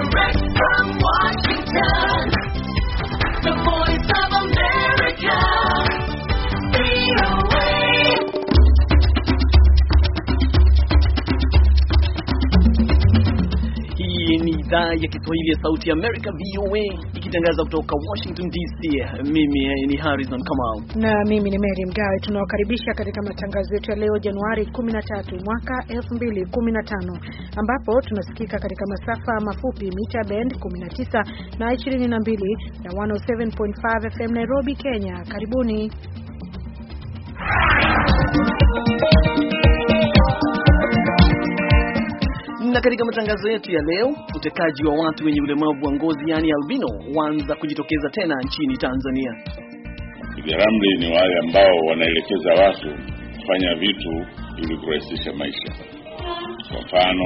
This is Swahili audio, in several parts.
Direct from Washington. idhaa ya Kiswahili ya Sauti ya Amerika, VOA, ikitangaza kutoka Washington DC. Mimi eh, ni Harrison Kamau na mimi ni Mary Mgawe. Tunawakaribisha katika matangazo yetu ya leo Januari 13 mwaka 2015, ambapo tunasikika katika masafa mafupi mita band 19 na 22 na 107.5 FM Nairobi, Kenya. Karibuni Na katika matangazo yetu ya leo, utekaji wa watu wenye ulemavu wa ngozi yaani albino waanza kujitokeza tena nchini Tanzania. Ramli ni wale ambao wanaelekeza watu kufanya vitu ili kurahisisha maisha. Kwa mfano,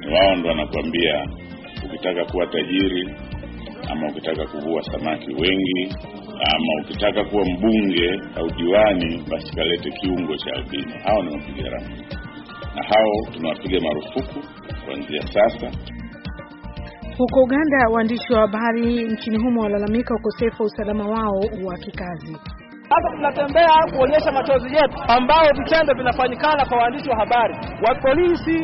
ni wao ndo wanakuambia ukitaka kuwa tajiri ama ukitaka kuvua samaki wengi ama ukitaka kuwa mbunge au diwani, basi kalete kiungo cha albino. Hao ni wapiga ramli na hao tunawapiga marufuku kuanzia sasa. Huko Uganda, waandishi wa habari nchini humo walalamika ukosefu wa usalama wao wa kikazi. Sasa tunatembea kuonyesha machozi yetu, ambao vitendo vinafanyikana kwa waandishi wa habari wa polisi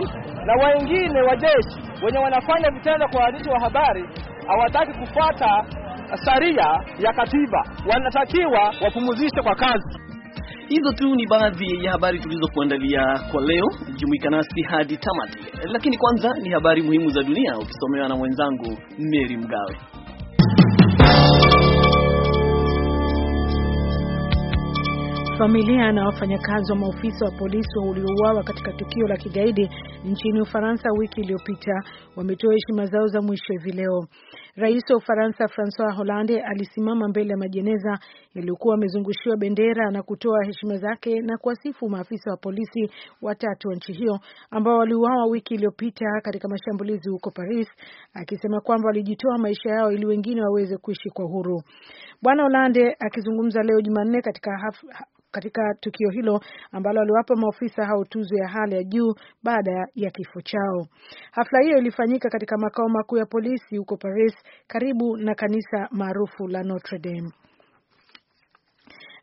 na wengine wa jeshi wenye wanafanya vitendo kwa waandishi wa habari, hawataki kufuata sharia ya katiba, wanatakiwa wapumuzishwe kwa kazi. Hizo tu ni baadhi ya habari tulizokuandalia kwa leo. Jumuika nasi hadi tamati, lakini kwanza ni habari muhimu za dunia ukisomewa na mwenzangu Mary Mgawe. Familia na wafanyakazi wa maofisa wa polisi waliouawa katika tukio la kigaidi nchini Ufaransa wiki iliyopita wametoa heshima zao za mwisho hivi leo. Rais wa Ufaransa Francois Hollande alisimama mbele ya majeneza yaliyokuwa yamezungushiwa bendera na kutoa heshima zake na kuwasifu maafisa wa polisi watatu wa nchi hiyo ambao waliuawa wiki iliyopita katika mashambulizi huko Paris, akisema kwamba walijitoa maisha yao ili wengine waweze kuishi kwa uhuru. Bwana Hollande akizungumza leo Jumanne katika katika tukio hilo ambalo aliwapa maofisa hao tuzo ya hali ya juu baada ya kifo chao. Hafla hiyo ilifanyika katika makao makuu ya polisi huko Paris karibu na kanisa maarufu la Notre Dame.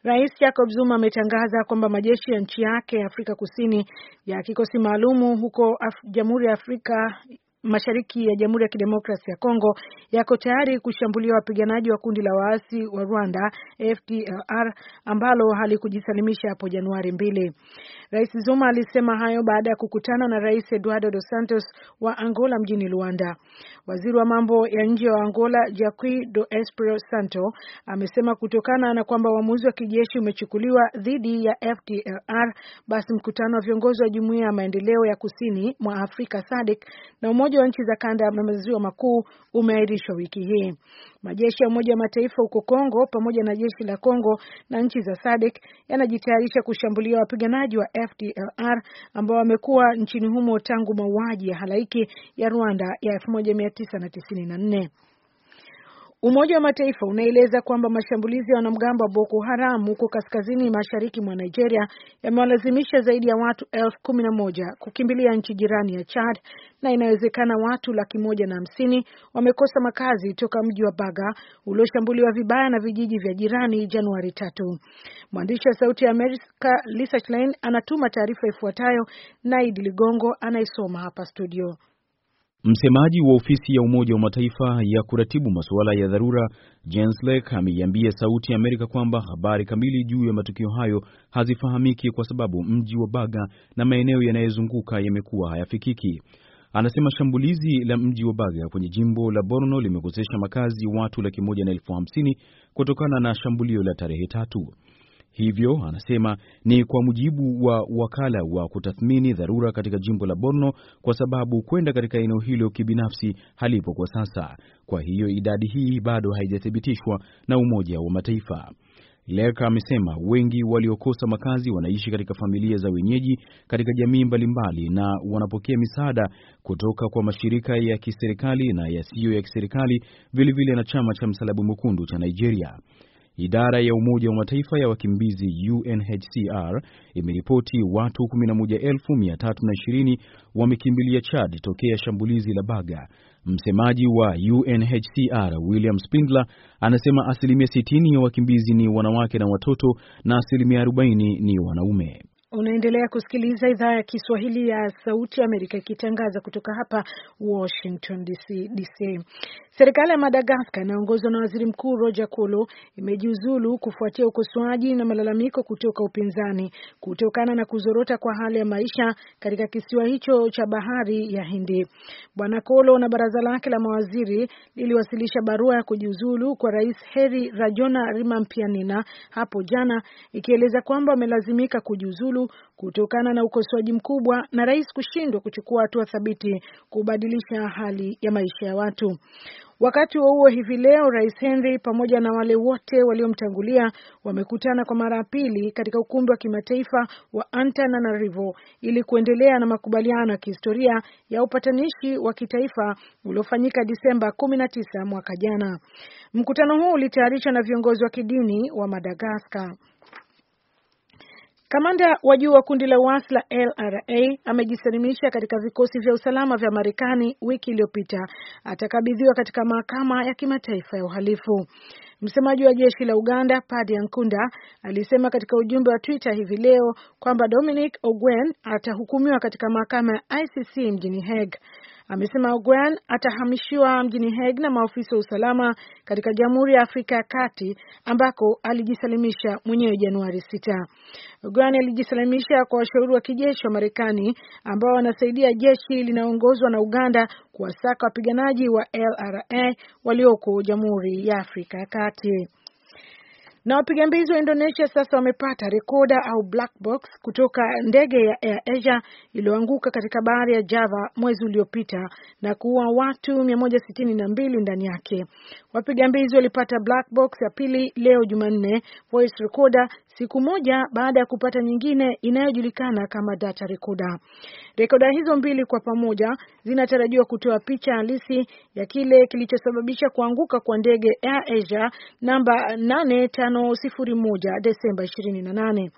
Rais Jacob Zuma ametangaza kwamba majeshi ya nchi yake ya Afrika Kusini ya kikosi maalumu huko Jamhuri ya Afrika mashariki ya Jamhuri ya Kidemokrasia ya Kongo yako tayari kushambulia wapiganaji wa kundi la waasi wa Rwanda FDLR ambalo halikujisalimisha hapo Januari mbili. Rais Zuma alisema hayo baada ya kukutana na Rais Eduardo Dos Santos wa Angola mjini Luanda. Waziri wa mambo ya nje wa Angola Jaqui do Espero Santo amesema kutokana na kwamba uamuzi wa kijeshi umechukuliwa dhidi ya FDLR, basi mkutano wa viongozi wa Jumuiya ya Maendeleo ya Kusini mwa Afrika SADC na Umoja wa nchi za kanda ya maziwa makuu umeahirishwa wiki hii. Majeshi ya Umoja wa Mataifa huko Kongo pamoja na jeshi la Kongo na nchi za SADC yanajitayarisha kushambulia wapiganaji wa FDLR ambao wamekuwa nchini humo tangu mauaji ya halaiki ya Rwanda ya 1994. Umoja wa Mataifa unaeleza kwamba mashambulizi ya wanamgambo wa Boko Haram huko kaskazini mashariki mwa Nigeria yamewalazimisha zaidi ya watu elfu kumi na moja kukimbilia nchi jirani ya Chad na inawezekana watu laki moja na hamsini wamekosa makazi toka mji wa Baga ulioshambuliwa vibaya na vijiji vya jirani Januari tatu. Mwandishi wa Sauti ya Amerika Lisa Schlein anatuma taarifa ifuatayo. Naidi Ligongo anaisoma hapa studio. Msemaji wa ofisi ya Umoja wa Mataifa ya kuratibu masuala ya dharura Jens Lake ameiambia Sauti ya Amerika kwamba habari kamili juu ya matukio hayo hazifahamiki kwa sababu mji wa Baga na maeneo yanayozunguka yamekuwa hayafikiki. Anasema shambulizi la mji wa Baga kwenye jimbo la Borno limekosesha makazi watu laki moja na elfu hamsini kutokana na shambulio la tarehe tatu. Hivyo anasema ni kwa mujibu wa wakala wa kutathmini dharura katika jimbo la Borno, kwa sababu kwenda katika eneo hilo kibinafsi halipo kwa sasa. Kwa hiyo idadi hii bado haijathibitishwa na Umoja wa Mataifa. Leka amesema wengi waliokosa makazi wanaishi katika familia za wenyeji katika jamii mbalimbali na wanapokea misaada kutoka kwa mashirika ya kiserikali na yasiyo ya kiserikali, vilevile na chama cha Msalaba Mwekundu cha Nigeria. Idara ya Umoja wa Mataifa ya wakimbizi UNHCR imeripoti watu 11320 wamekimbilia Chad tokea shambulizi la Baga. Msemaji wa UNHCR William Spindler anasema asilimia 60 ya wakimbizi ni wanawake na watoto na asilimia 40 ni wanaume. Unaendelea kusikiliza idhaa ya Kiswahili ya Sauti Amerika ikitangaza kutoka hapa Washington DC. DC. Serikali ya Madagaskar inaongozwa na Waziri Mkuu Roger Kolo imejiuzulu kufuatia ukosoaji na malalamiko kutoka upinzani kutokana na kuzorota kwa hali ya maisha katika kisiwa hicho cha bahari ya Hindi. Bwana Kolo na baraza lake la mawaziri liliwasilisha barua ya kujiuzulu kwa Rais Heri Rajona Rimampianina hapo jana ikieleza kwamba wamelazimika kujiuzulu Ikulu kutokana na ukosoaji mkubwa na rais kushindwa kuchukua hatua thabiti kubadilisha hali ya maisha ya watu. Wakati wa huo hivi leo Rais Henry pamoja na wale wote waliomtangulia wamekutana kwa mara ya pili katika ukumbi wa kimataifa wa Antananarivo ili kuendelea na makubaliano ya kihistoria ya upatanishi wa kitaifa uliofanyika Disemba 19 mwaka jana. Mkutano huu ulitayarishwa na viongozi wa kidini wa Madagaskar. Kamanda wa juu wa kundi la uasi la LRA amejisalimisha katika vikosi vya usalama vya Marekani wiki iliyopita, atakabidhiwa katika mahakama ya kimataifa ya uhalifu. Msemaji wa jeshi la Uganda Paddy Ankunda alisema katika ujumbe wa Twitter hivi leo kwamba Dominic ogwen atahukumiwa katika mahakama ya ICC mjini Hague amesema Ogwen atahamishiwa mjini Hague na maafisa wa usalama katika Jamhuri ya Afrika ya Kati ambako alijisalimisha mwenyewe Januari 6. Ogwen alijisalimisha kwa washauri wa kijeshi wa Marekani ambao wanasaidia jeshi linaongozwa na Uganda kuwasaka wapiganaji wa LRA walioko Jamhuri ya Afrika ya Kati. Na wapiga mbizi wa Indonesia sasa wamepata rekoda au black box kutoka ndege ya Air Asia iliyoanguka katika bahari ya Java mwezi uliopita na kuua watu 162 ndani yake. Wapiga mbizi walipata black box ya pili leo Jumanne, voice recorder siku moja baada ya kupata nyingine inayojulikana kama data recorder. Rekoda hizo mbili kwa pamoja zinatarajiwa kutoa picha halisi ya kile kilichosababisha kuanguka kwa ndege Air Asia namba 8501 Desemba 28.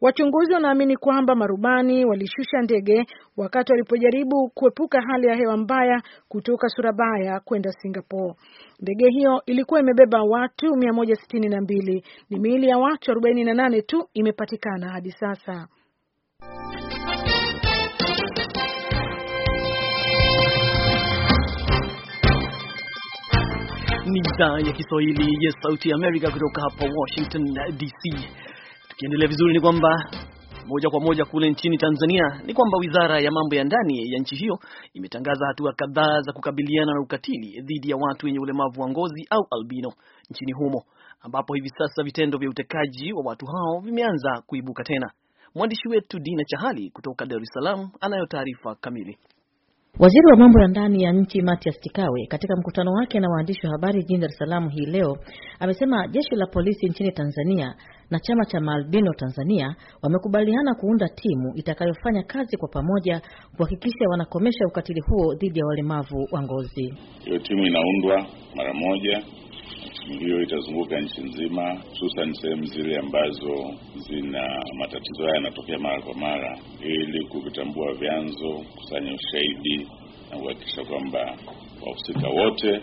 Wachunguzi wanaamini kwamba marubani walishusha ndege wakati walipojaribu kuepuka hali ya hewa mbaya kutoka Surabaya kwenda Singapore. Ndege hiyo ilikuwa imebeba watu 162. Ni miili ya watu 48 tu imepatikana hadi sasa. Ni idhaa ya Kiswahili ya Sauti ya Amerika kutoka hapa Washington DC. Tukiendelea vizuri ni kwamba moja kwa moja kule nchini Tanzania ni kwamba wizara ya mambo ya ndani ya nchi hiyo imetangaza hatua kadhaa za kukabiliana na ukatili dhidi ya watu wenye ulemavu wa ngozi au albino nchini humo, ambapo hivi sasa vitendo vya utekaji wa watu hao vimeanza kuibuka tena. Mwandishi wetu Dina Chahali kutoka Dar es Salaam anayo taarifa kamili. Waziri wa mambo ya ndani ya nchi Mathias Chikawe katika mkutano wake na waandishi wa habari jijini Dar es Salaam hii leo amesema jeshi la polisi nchini Tanzania na chama cha maalbino Tanzania wamekubaliana kuunda timu itakayofanya kazi kwa pamoja kuhakikisha wanakomesha ukatili huo dhidi ya walemavu wa ngozi. Hiyo timu inaundwa mara moja. Timu hiyo itazunguka nchi nzima, hususan sehemu zile ambazo zina matatizo haya yanatokea mara kwa mara, ili kuvitambua vyanzo, kusanya ushahidi na kuhakikisha kwamba wahusika wote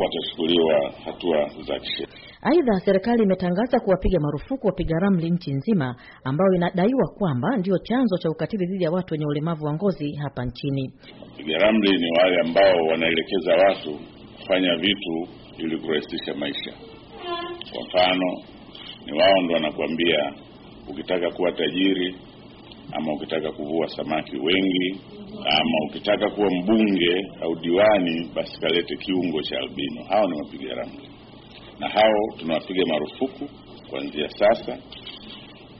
watachukuliwa hatua za kisheria. Aidha, serikali imetangaza kuwapiga marufuku wapiga ramli nchi nzima, ambayo inadaiwa kwamba ndio chanzo cha ukatili dhidi ya watu wenye ulemavu wa ngozi hapa nchini. Wapiga ramli ni wale ambao wanaelekeza watu kufanya vitu ili kurahisisha maisha. Kwa mfano, ni wao ndo wanakuambia ukitaka kuwa tajiri ama ukitaka kuvua samaki wengi, ama ukitaka kuwa mbunge au diwani, basi kalete kiungo cha albino. Hao ni wapiga ramli, na hao tunawapiga marufuku kuanzia sasa,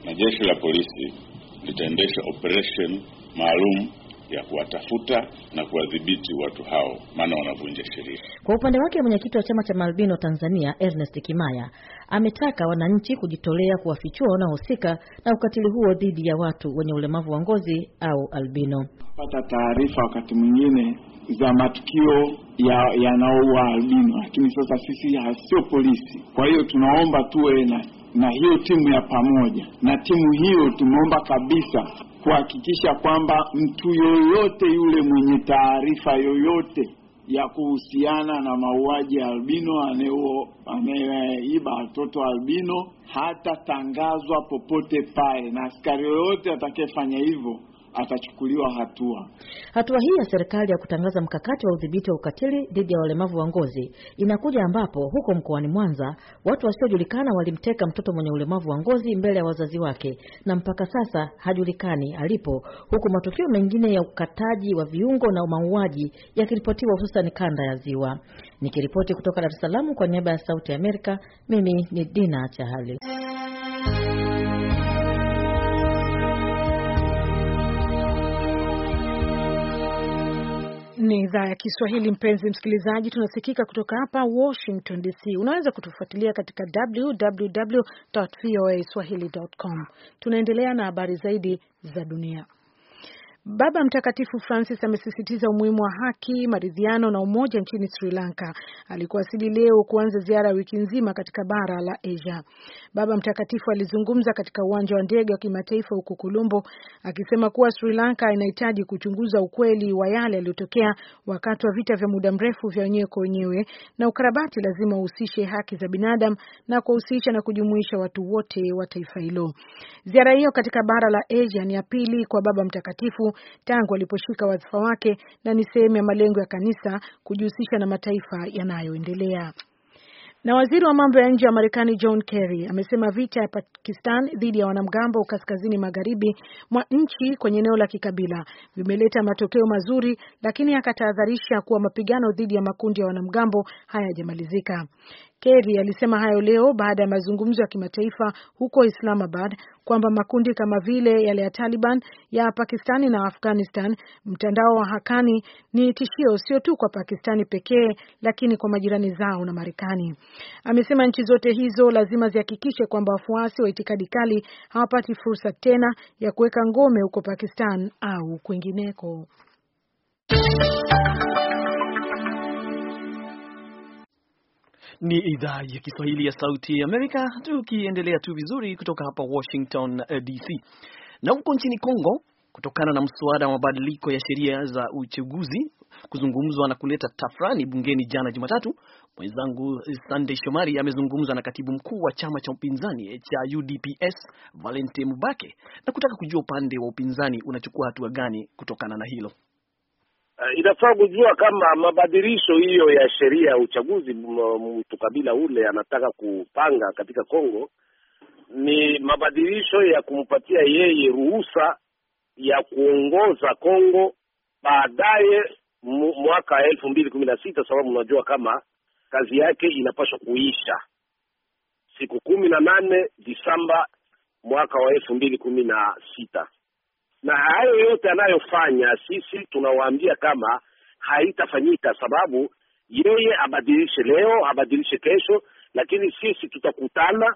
na jeshi la polisi litaendesha operation maalum ya kuwatafuta na kuwadhibiti watu hao, maana wanavunja sheria. Kwa upande wake, mwenyekiti wa chama cha maalbino Tanzania Ernest Kimaya ametaka wananchi kujitolea kuwafichua wanaohusika na ukatili huo dhidi ya watu wenye ulemavu wa ngozi au albino. Pata taarifa wakati mwingine za matukio yanaoua ya albino, lakini sasa sisi sio polisi. Kwa hiyo tunaomba tuwe na na hiyo timu ya pamoja, na timu hiyo tumeomba kabisa kuhakikisha kwamba mtu yoyote yule mwenye taarifa yoyote ya kuhusiana na mauaji ya albino anayeiba watoto albino hatatangazwa popote pale, na askari yoyote atakayefanya hivyo atachukuliwa hatua. Hatua hii ya serikali ya kutangaza mkakati wa udhibiti wa ukatili dhidi ya walemavu wa ngozi inakuja ambapo huko mkoani Mwanza watu wasiojulikana walimteka mtoto mwenye ulemavu wa ngozi mbele ya wazazi wake na mpaka sasa hajulikani alipo, huku matukio mengine ya ukataji wa viungo na mauaji yakiripotiwa hususan kanda ya Ziwa. Nikiripoti kutoka Dar es Salaam kwa niaba ya Sauti ya Amerika, mimi ni Dina Chahali. ni idhaa ya Kiswahili. Mpenzi msikilizaji, tunasikika kutoka hapa Washington DC. Unaweza kutufuatilia katika www voa Tunaendelea na habari zaidi za dunia. Baba Mtakatifu Francis amesisitiza umuhimu wa haki, maridhiano na umoja nchini Sri Lanka alikuwasili leo kuanza ziara ya wiki nzima katika bara la Asia. Baba Mtakatifu alizungumza katika uwanja wa ndege wa kimataifa huko Kolombo, akisema kuwa Sri Lanka inahitaji kuchunguza ukweli wa yale yaliyotokea wakati wa vita vya muda mrefu vya wenyewe kwa wenyewe, na ukarabati lazima uhusishe haki za binadamu na kuwahusisha na kujumuisha watu wote wa taifa hilo. Ziara hiyo katika bara la Asia ni ya pili kwa Baba Mtakatifu tangu aliposhika wadhifa wake na ni sehemu ya malengo ya kanisa kujihusisha na mataifa yanayoendelea. Na waziri wa mambo ya nje wa Marekani John Kerry amesema vita ya Pakistan dhidi ya wanamgambo kaskazini magharibi mwa nchi kwenye eneo la kikabila vimeleta matokeo mazuri, lakini akatahadharisha kuwa mapigano dhidi ya makundi ya wanamgambo hayajamalizika. Kerry alisema hayo leo baada ya mazungumzo ya kimataifa huko Islamabad kwamba makundi kama vile yale ya Taliban ya Pakistani na Afghanistan, mtandao wa Hakani ni tishio sio tu kwa Pakistani pekee, lakini kwa majirani zao na Marekani. Amesema nchi zote hizo lazima zihakikishe kwamba wafuasi wa itikadi kali hawapati fursa tena ya kuweka ngome huko Pakistan au kwingineko. Ni idhaa ya Kiswahili ya Sauti ya Amerika, tukiendelea tu vizuri kutoka hapa Washington eh, DC. Na huko nchini Kongo, kutokana na mswada wa mabadiliko ya sheria za uchaguzi kuzungumzwa na kuleta tafrani bungeni jana Jumatatu, mwenzangu eh, sandey Shomari amezungumza na katibu mkuu wa chama cha upinzani eh, cha UDPS Valente Mubake na kutaka kujua upande wa upinzani unachukua hatua gani kutokana na hilo. Uh, inafaa kujua kama mabadilisho hiyo ya sheria ya uchaguzi mtu Kabila ule anataka kupanga katika Kongo ni mabadilisho ya kumpatia yeye ruhusa ya kuongoza Kongo baadaye mwaka elfu mbili kumi na sita sababu unajua kama kazi yake inapaswa kuisha siku kumi na nane Disemba mwaka wa elfu mbili kumi na sita na hayo yote anayofanya, sisi tunawaambia kama haitafanyika, sababu yeye abadilishe leo, abadilishe kesho, lakini sisi tutakutana,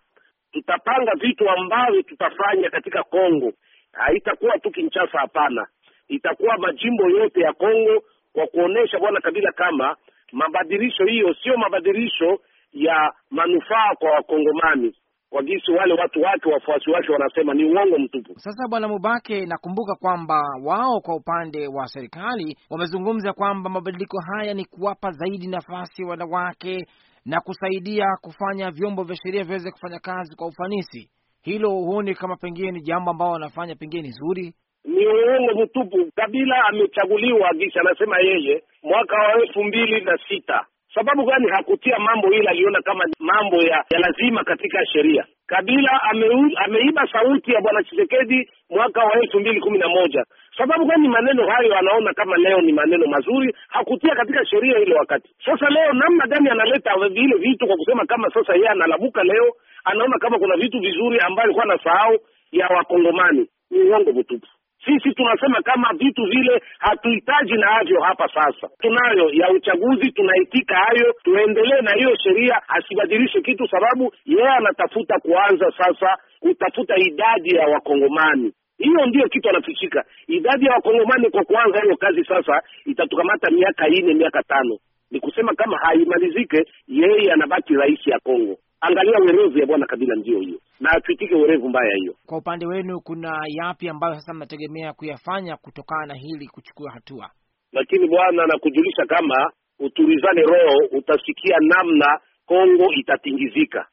tutapanga vitu ambavyo tutafanya katika Kongo. Haitakuwa tu Kinshasa, hapana, itakuwa majimbo yote ya Kongo, kwa kuonesha bwana Kabila kama mabadilisho hiyo sio mabadilisho ya manufaa kwa Wakongomani, kwa jinsi wale watu wake wafuasi wake wanasema ni uongo mtupu. Sasa Bwana Mubake, nakumbuka kwamba wao kwa upande wa serikali wamezungumza kwamba mabadiliko haya ni kuwapa zaidi nafasi wanawake na kusaidia kufanya vyombo vya sheria viweze kufanya kazi kwa ufanisi. Hilo huoni kama pengine ni jambo ambao wanafanya pengine ni zuri? Ni uongo mtupu. Kabila amechaguliwa, gisi anasema yeye mwaka wa elfu mbili na sita Sababu gani hakutia mambo ile? Aliona kama mambo ya, ya lazima katika sheria. Kabila ame, ameiba sauti ya bwana Chisekedi mwaka wa elfu mbili kumi na moja. Sababu gani maneno hayo anaona kama leo ni maneno mazuri, hakutia katika sheria ile wakati. Sasa leo namna gani analeta vile vitu kwa kusema kama sasa yeye analabuka leo, anaona kama kuna vitu vizuri ambayo alikuwa sahau ya Wakongomani? Ni uongo mtupu. Sisi tunasema kama vitu vile hatuhitaji navyo hapa sasa, tunayo ya uchaguzi, tunaitika hayo, tuendelee na hiyo sheria, asibadilishe kitu, sababu yeye anatafuta kuanza sasa kutafuta idadi ya Wakongomani. Hiyo ndiyo kitu anafichika, idadi ya Wakongomani. Kwa kuanza hiyo kazi sasa, itatukamata miaka nne, miaka tano, ni kusema kama haimalizike, yeye anabaki rais ya Kongo angalia uerevu ya bwana Kabila ndio hiyo, na atwitike uerevu mbaya hiyo. Kwa upande wenu, kuna yapi ambayo sasa mnategemea kuyafanya kutokana na hili kuchukua hatua? Lakini bwana nakujulisha, kama utulizane roho, utasikia namna Kongo itatingizika.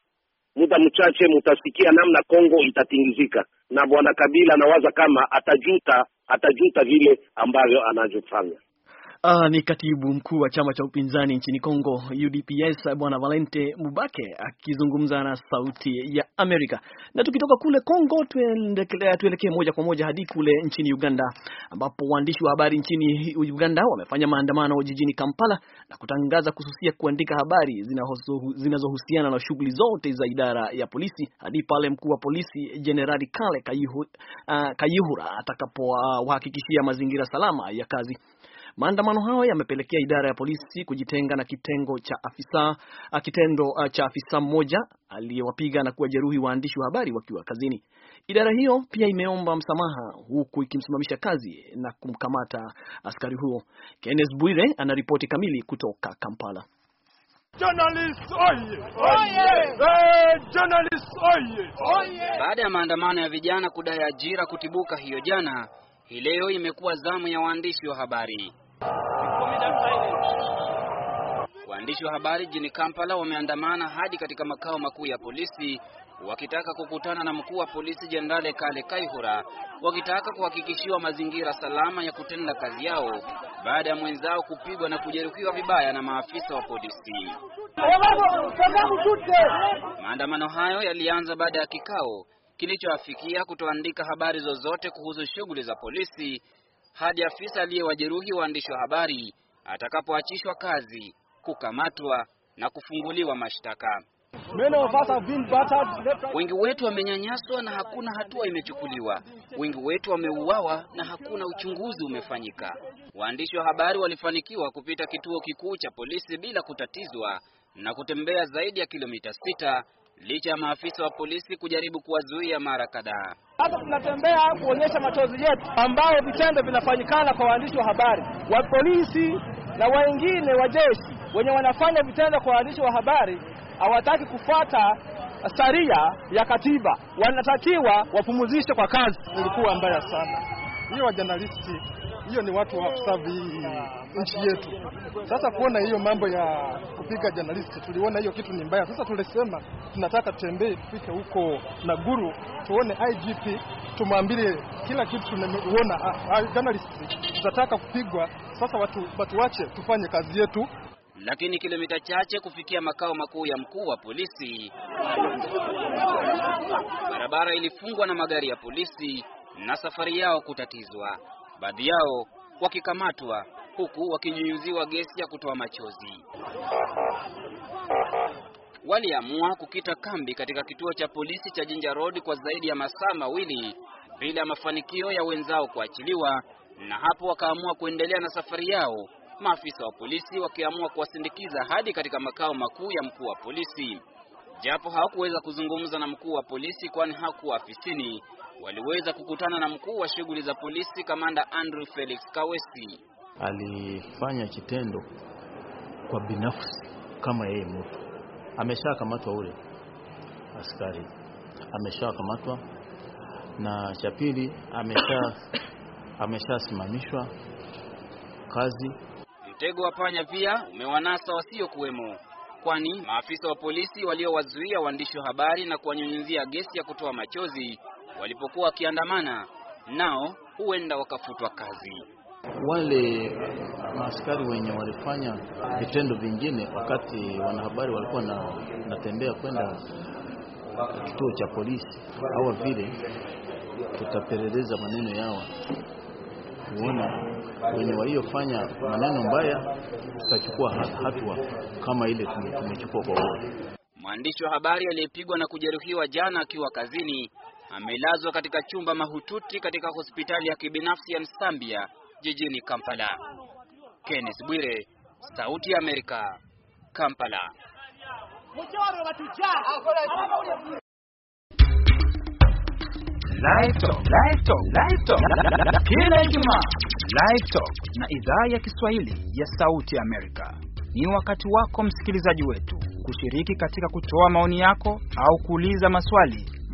Muda mchache mutasikia namna Kongo itatingizika, na bwana Kabila anawaza kama atajuta, atajuta vile ambavyo anavyofanya. Uh, ni katibu mkuu wa chama cha upinzani nchini Kongo UDPS Bwana Valente Mubake akizungumza na Sauti ya Amerika. Na tukitoka kule Kongo tuelekee moja kwa moja hadi kule nchini Uganda ambapo waandishi wa habari nchini Uganda wamefanya maandamano jijini Kampala na kutangaza kususia kuandika habari zinazohusiana na shughuli zote za idara ya polisi hadi pale mkuu wa polisi Jenerali Kale Kayihura ah, atakapo uh, uh, wahakikishia mazingira salama ya kazi. Maandamano hayo yamepelekea idara ya polisi kujitenga na kitengo cha afisa, kitendo cha afisa mmoja aliyewapiga na kuwajeruhi waandishi wa habari wakiwa kazini. Idara hiyo pia imeomba msamaha huku ikimsimamisha kazi na kumkamata askari huo. Kenneth Bwire ana ripoti kamili kutoka Kampala. oye. Baada ya maandamano ya vijana kudai ajira kutibuka hiyo jana, hii leo imekuwa zamu ya waandishi wa habari. Waandishi wa habari jijini Kampala wameandamana hadi katika makao makuu ya polisi wakitaka kukutana na mkuu wa polisi Jenerali Kale Kaihura, wakitaka kuhakikishiwa mazingira salama ya kutenda kazi yao baada ya mwenzao kupigwa na kujeruhiwa vibaya na maafisa wa polisi. Maandamano hayo yalianza baada ya kikao kilichoafikia kutoandika habari zozote kuhusu shughuli za polisi hadi afisa aliyewajeruhi waandishi wa habari atakapoachishwa kazi, kukamatwa na kufunguliwa mashtaka. Wengi wetu wamenyanyaswa na hakuna hatua imechukuliwa. Wengi wetu wameuawa na hakuna uchunguzi umefanyika. Waandishi wa habari walifanikiwa kupita kituo kikuu cha polisi bila kutatizwa na kutembea zaidi ya kilomita sita licha ya maafisa wa polisi kujaribu kuwazuia mara kadhaa hata tunatembea kuonyesha machozi yetu ambayo vitendo vinafanyikana kwa waandishi wa habari wa polisi na wengine wa jeshi wenye wanafanya vitendo kwa waandishi wa habari hawataki kufuata saria ya katiba, wanatakiwa wapumuzishwe kwa kazi. Ilikuwa mbaya sana hiyo, wajanalisti hiyo ni watu wa kusavi nchi yetu. Sasa kuona hiyo mambo ya kupiga journalist, tuliona hiyo kitu ni mbaya. Sasa tulisema tunataka tembee, tufike huko guru tuone IGP, tumwambie kila kitu tunauona ah, ah, journalist tutataka kupigwa. Sasa watu watu wache tufanye kazi yetu. Lakini kilomita chache kufikia makao makuu ya mkuu wa polisi, barabara ilifungwa na magari ya polisi na safari yao kutatizwa baadhi yao wakikamatwa huku wakinyunyuziwa gesi ya kutoa machozi. Waliamua kukita kambi katika kituo cha polisi cha Jinja Road kwa zaidi ya masaa mawili bila mafanikio ya wenzao kuachiliwa, na hapo wakaamua kuendelea na safari yao, maafisa wa polisi wakiamua kuwasindikiza hadi katika makao makuu ya mkuu wa polisi. Japo hawakuweza kuzungumza na mkuu wa polisi kwani hakuwa afisini, waliweza kukutana na mkuu wa shughuli za polisi Kamanda Andrew Felix Kawesi. Alifanya kitendo kwa binafsi kama yeye mtu ameshakamatwa, ule askari ameshakamatwa, na cha pili amesha ameshasimamishwa kazi. Mtego wa panya pia umewanasa wasiokuwemo, kwani maafisa wa polisi waliowazuia waandishi wa habari na kuwanyunyizia gesi ya kutoa machozi walipokuwa wakiandamana, nao huenda wakafutwa kazi. Wale uh, maaskari wenye walifanya vitendo vingine wakati wanahabari walikuwa na natembea kwenda kituo cha polisi, au vile tutapeleleza maneno yao kuona wenye waliofanya maneno mbaya, tutachukua hatua kama ile tumechukua kwa wote. Mwandishi wa habari aliyepigwa na kujeruhiwa jana akiwa kazini amelazwa katika chumba mahututi katika hospitali ya kibinafsi ya Nsambia jijini Kampala. Kenneth Bwire, Sauti ya Amerika, Kampala. Live kila Ijumaa. Talk na idhaa ya Kiswahili ya Sauti ya Amerika. Ni wakati wako msikilizaji wetu kushiriki katika kutoa maoni yako au kuuliza maswali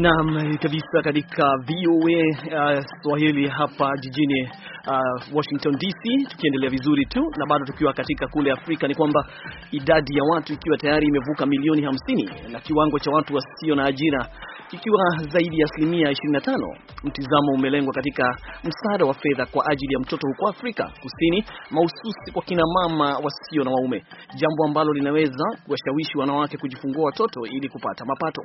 Naam eh, kabisa, katika VOA uh, eh, Swahili hapa jijini uh, Washington DC, tukiendelea vizuri tu na bado tukiwa katika kule Afrika, ni kwamba idadi ya watu ikiwa tayari imevuka milioni 50 na kiwango cha watu wasio na ajira ikiwa zaidi ya asilimia 25. Mtizamo umelengwa katika msaada wa fedha kwa ajili ya mtoto huko Afrika Kusini, mahususi kwa kina mama wasio na waume, jambo ambalo linaweza kuwashawishi wanawake kujifungua watoto ili kupata mapato.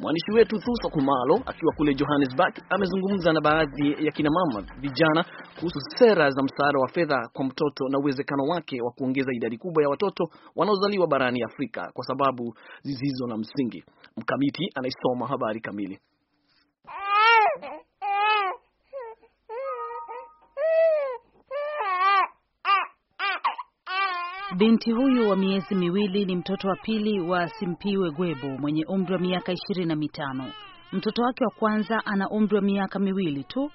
Mwandishi wetu Thuso Kumalo akiwa kule Johannesburg amezungumza na baadhi ya kina mama vijana kuhusu sera za msaada wa fedha kwa mtoto na uwezekano wake wa kuongeza idadi kubwa ya watoto wanaozaliwa barani Afrika kwa sababu zisizo na msingi. Mkamiti anaisoma habari kamili. Binti huyu wa miezi miwili ni mtoto wa pili wa Simpiwe Gwebo mwenye umri wa miaka ishirini na mitano. Mtoto wake wa kwanza ana umri wa miaka miwili tu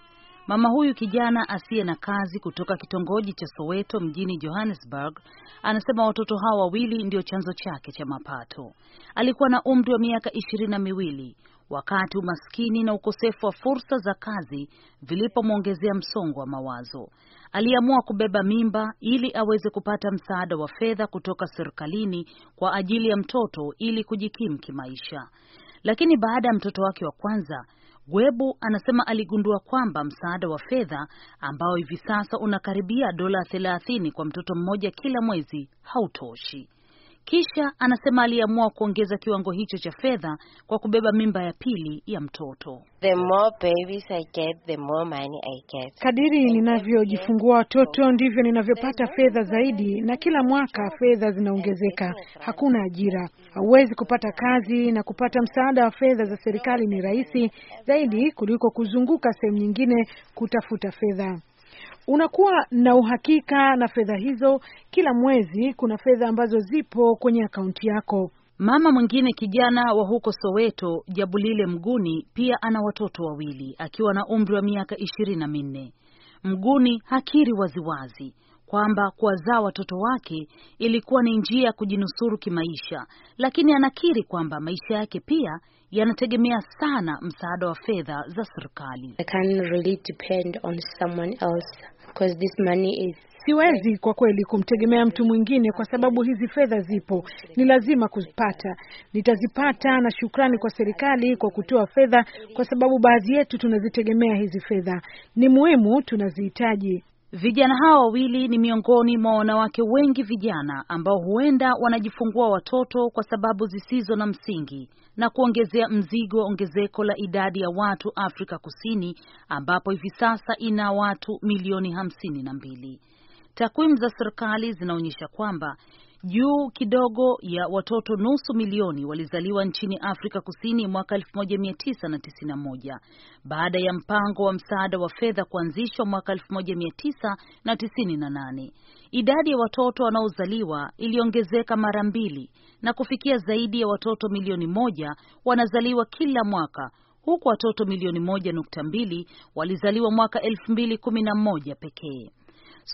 Mama huyu kijana asiye na kazi kutoka kitongoji cha Soweto mjini Johannesburg anasema watoto hao wawili ndio chanzo chake cha mapato. Alikuwa na umri wa miaka ishirini na miwili wakati umaskini na ukosefu wa fursa za kazi vilipomwongezea msongo wa mawazo. Aliamua kubeba mimba ili aweze kupata msaada wa fedha kutoka serikalini kwa ajili ya mtoto ili kujikimu kimaisha. Lakini baada ya mtoto wake wa kwanza Gwebu anasema aligundua kwamba msaada wa fedha ambao hivi sasa unakaribia dola 30 kwa mtoto mmoja kila mwezi hautoshi. Kisha anasema aliamua kuongeza kiwango hicho cha fedha kwa kubeba mimba ya pili ya mtoto. The more babies I get, the more money I get. Kadiri ninavyojifungua watoto ndivyo ninavyopata fedha zaidi, na kila mwaka fedha zinaongezeka. Hakuna ajira, hauwezi kupata kazi, na kupata msaada wa fedha za serikali ni rahisi zaidi kuliko kuzunguka sehemu nyingine kutafuta fedha unakuwa na uhakika na fedha hizo. Kila mwezi kuna fedha ambazo zipo kwenye akaunti yako. Mama mwingine kijana wa huko Soweto, Jabulile Mguni, pia ana watoto wawili akiwa na umri wa miaka ishirini na minne. Mguni hakiri waziwazi kwamba kuwazaa watoto wake ilikuwa ni njia ya kujinusuru kimaisha, lakini anakiri kwamba maisha yake pia yanategemea sana msaada wa fedha za serikali. Siwezi kwa kweli kumtegemea mtu mwingine kwa sababu hizi fedha zipo, ni lazima kuzipata. Nitazipata, na shukrani kwa serikali kwa kutoa fedha, kwa sababu baadhi yetu tunazitegemea hizi fedha, ni muhimu, tunazihitaji. Vijana hao wawili ni miongoni mwa wanawake wengi vijana ambao huenda wanajifungua watoto kwa sababu zisizo na msingi na kuongezea mzigo wa ongezeko la idadi ya watu Afrika Kusini ambapo hivi sasa ina watu milioni hamsini na mbili. Takwimu za serikali zinaonyesha kwamba juu kidogo ya watoto nusu milioni walizaliwa nchini Afrika Kusini mwaka 1991 baada ya mpango wa msaada wa fedha kuanzishwa mwaka 1998. Idadi ya watoto wanaozaliwa iliongezeka mara mbili na kufikia zaidi ya watoto milioni moja wanazaliwa kila mwaka huku watoto milioni moja nukta mbili walizaliwa mwaka elfu mbili kumi na moja pekee.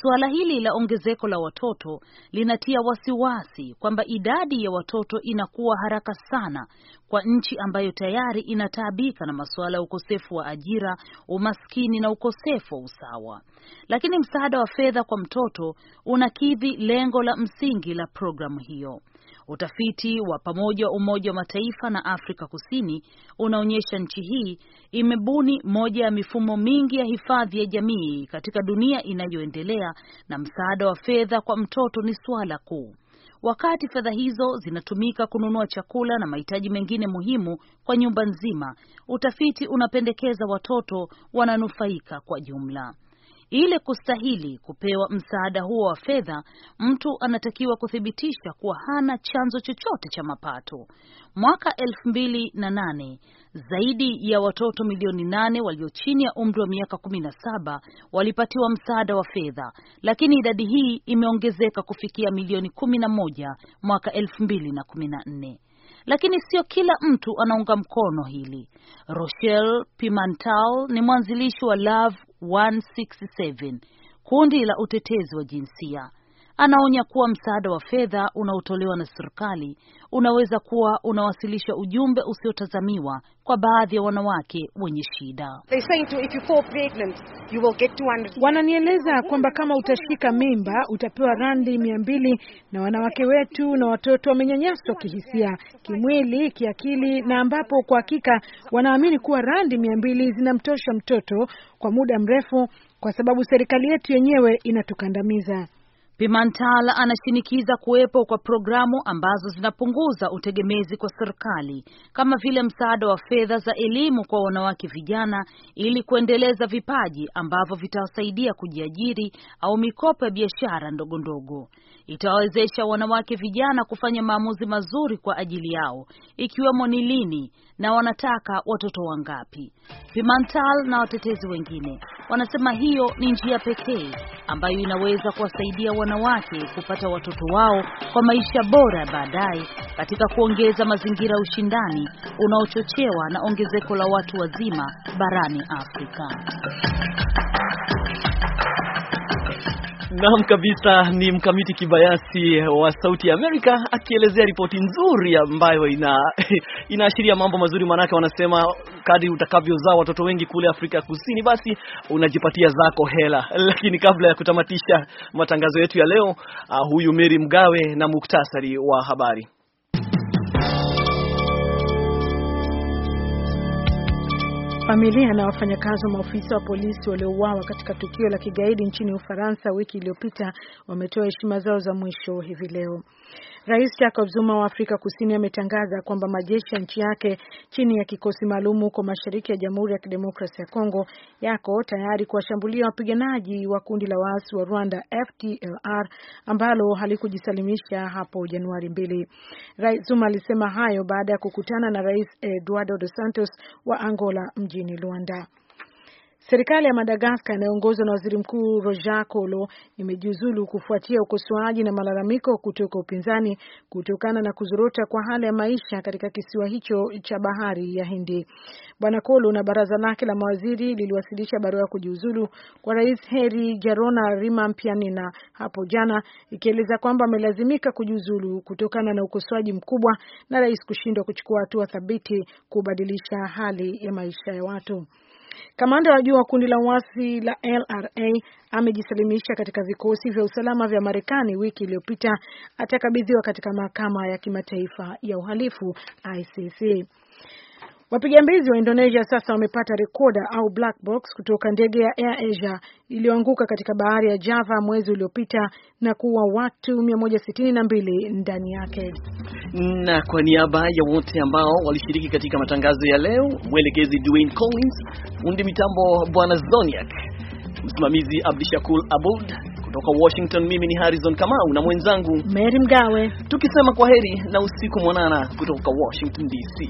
Suala hili la ongezeko la watoto linatia wasiwasi kwamba idadi ya watoto inakuwa haraka sana kwa nchi ambayo tayari inataabika na masuala ya ukosefu wa ajira, umaskini na ukosefu wa usawa. Lakini msaada wa fedha kwa mtoto unakidhi lengo la msingi la programu hiyo. Utafiti wa pamoja wa Umoja wa Mataifa na Afrika Kusini unaonyesha nchi hii imebuni moja ya mifumo mingi ya hifadhi ya jamii katika dunia inayoendelea na msaada wa fedha kwa mtoto ni suala kuu. Wakati fedha hizo zinatumika kununua chakula na mahitaji mengine muhimu kwa nyumba nzima, utafiti unapendekeza watoto wananufaika kwa jumla. Ili kustahili kupewa msaada huo wa fedha, mtu anatakiwa kuthibitisha kuwa hana chanzo chochote cha mapato. Mwaka elfu mbili na nane zaidi ya watoto milioni nane walio chini ya umri wa miaka kumi na saba walipatiwa msaada wa fedha, lakini idadi hii imeongezeka kufikia milioni kumi na moja mwaka elfu mbili na kumi na nne. Lakini sio kila mtu anaunga mkono hili. Rochelle pimantal ni mwanzilishi wa Love 167, kundi la utetezi wa jinsia Anaonya kuwa msaada wa fedha unaotolewa na serikali unaweza kuwa unawasilisha ujumbe usiotazamiwa kwa baadhi ya wanawake wenye shida. Wananieleza kwamba kama utashika mimba utapewa randi mia mbili, na wanawake wetu na watoto wamenyanyaswa kihisia, kimwili, kiakili, na ambapo kwa hakika wanaamini kuwa randi mia mbili zinamtosha mtoto kwa muda mrefu, kwa sababu serikali yetu yenyewe inatukandamiza. Pimantala anashinikiza kuwepo kwa programu ambazo zinapunguza utegemezi kwa serikali kama vile msaada wa fedha za elimu kwa wanawake vijana ili kuendeleza vipaji ambavyo vitawasaidia kujiajiri au mikopo ya biashara ndogondogo itawawezesha wanawake vijana kufanya maamuzi mazuri kwa ajili yao, ikiwemo ni lini na wanataka watoto wangapi. pimantal na watetezi wengine wanasema hiyo ni njia pekee ambayo inaweza kuwasaidia wanawake kupata watoto wao kwa maisha bora ya baadaye, katika kuongeza mazingira ya ushindani unaochochewa na ongezeko la watu wazima barani Afrika. Naam kabisa, ni mkamiti kibayasi wa Sauti ya Amerika akielezea ripoti nzuri ambayo ina inaashiria mambo mazuri, maanake wanasema kadri utakavyozaa watoto wengi kule Afrika Kusini, basi unajipatia zako hela. Lakini kabla ya kutamatisha matangazo yetu ya leo, uh, huyu Mary Mgawe na muktasari wa habari. Familia na wafanyakazi wa maofisa wa polisi waliouawa katika tukio la kigaidi nchini Ufaransa wiki iliyopita wametoa heshima zao za mwisho hivi leo. Rais Jacob Zuma wa Afrika Kusini ametangaza kwamba majeshi ya nchi yake chini ya kikosi maalum huko mashariki ya Jamhuri ya Kidemokrasia ya Kongo yako tayari kuwashambulia wapiganaji wa kundi la waasi wa Rwanda FDLR ambalo halikujisalimisha hapo Januari mbili. Rais Zuma alisema hayo baada ya kukutana na Rais Eduardo Dos Santos wa Angola mjini Luanda. Serikali ya Madagaskar inayoongozwa na waziri mkuu Roger Kolo imejiuzulu kufuatia ukosoaji na malalamiko kutoka upinzani kutokana na kuzorota kwa hali ya maisha katika kisiwa hicho cha bahari ya Hindi. Bwana Kolo na baraza lake la mawaziri liliwasilisha barua ya kujiuzulu kwa Rais Heri Jarona Rimampianina hapo jana, ikieleza kwamba amelazimika kujiuzulu kutokana na ukosoaji mkubwa na rais kushindwa kuchukua hatua thabiti kubadilisha hali ya maisha ya watu. Kamanda wa juu wa kundi la uasi la LRA amejisalimisha katika vikosi vya usalama vya Marekani wiki iliyopita, atakabidhiwa katika mahakama ya kimataifa ya uhalifu ICC. Wapiga mbizi wa Indonesia sasa wamepata rekoda au black box kutoka ndege ya Air Asia iliyoanguka katika bahari ya Java mwezi uliopita na kuua watu 162 ndani yake. Na kwa niaba ya wote ambao walishiriki katika matangazo ya leo, mwelekezi Dwayne Collins, undi mitambo bwana Zoniac, msimamizi Abdishakur Abud kutoka Washington, mimi ni Harrison Kamau na mwenzangu Mary Mgawe, tukisema kwa heri na usiku mwanana kutoka Washington DC.